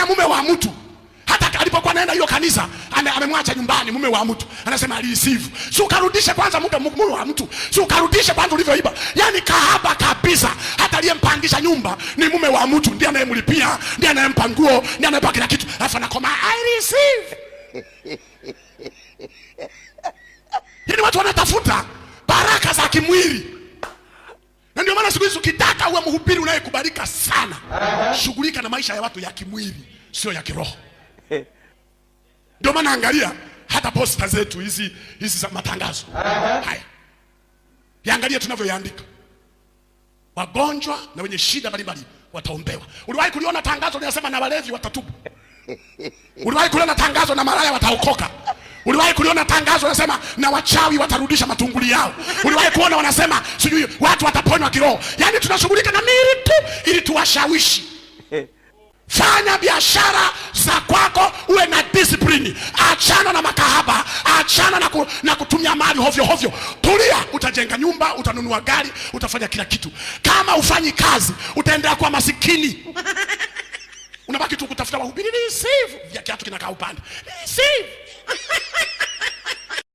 tena mume wa mtu hata alipokuwa anaenda hiyo kanisa amemwacha nyumbani mume wa mtu, anasema alisivu Si ukarudishe kwanza mume mume wa mtu, si ukarudishe kwanza ulivyoiba? Yani kahaba kabisa. Hata aliyempangisha nyumba ni mume wa mtu, ndiye anayemlipia, ndiye anayempa nguo, ndiye anayempa kila kitu, alafu anakoma alisifu. Yaani watu wanatafuta baraka za kimwili. Yesu. ukitaka uwe mhubiri unayekubalika sana, shughulika na maisha ya watu ya kimwili, sio ya kiroho. Ndio maana angalia hata posta zetu hizi hizi za matangazo haya, yaangalia tunavyoyaandika, wagonjwa na wenye shida mbalimbali wataombewa. Uliwahi kuliona tangazo linasema na walevi watatubu? Uliwahi kuliona tangazo na maraya wataokoka? Uliwahi kuliona tangazo nasema na wachawi watarudisha matunguli yao? Uliwahi kuona wanasema sijui watu wataponywa kiroho? Yaani tunashughulika na mili tu ili tuwashawishi. Fanya biashara za kwako, uwe na disiplini, achana na makahaba, achana na, ku, na kutumia mali hovyo hovyo. Tulia, utajenga nyumba, utanunua gari, utafanya kila kitu. Kama ufanyi kazi, utaendelea kuwa masikini unabaki tu kutafuta wahubiri, receive vya kiatu kinakaa upande, receive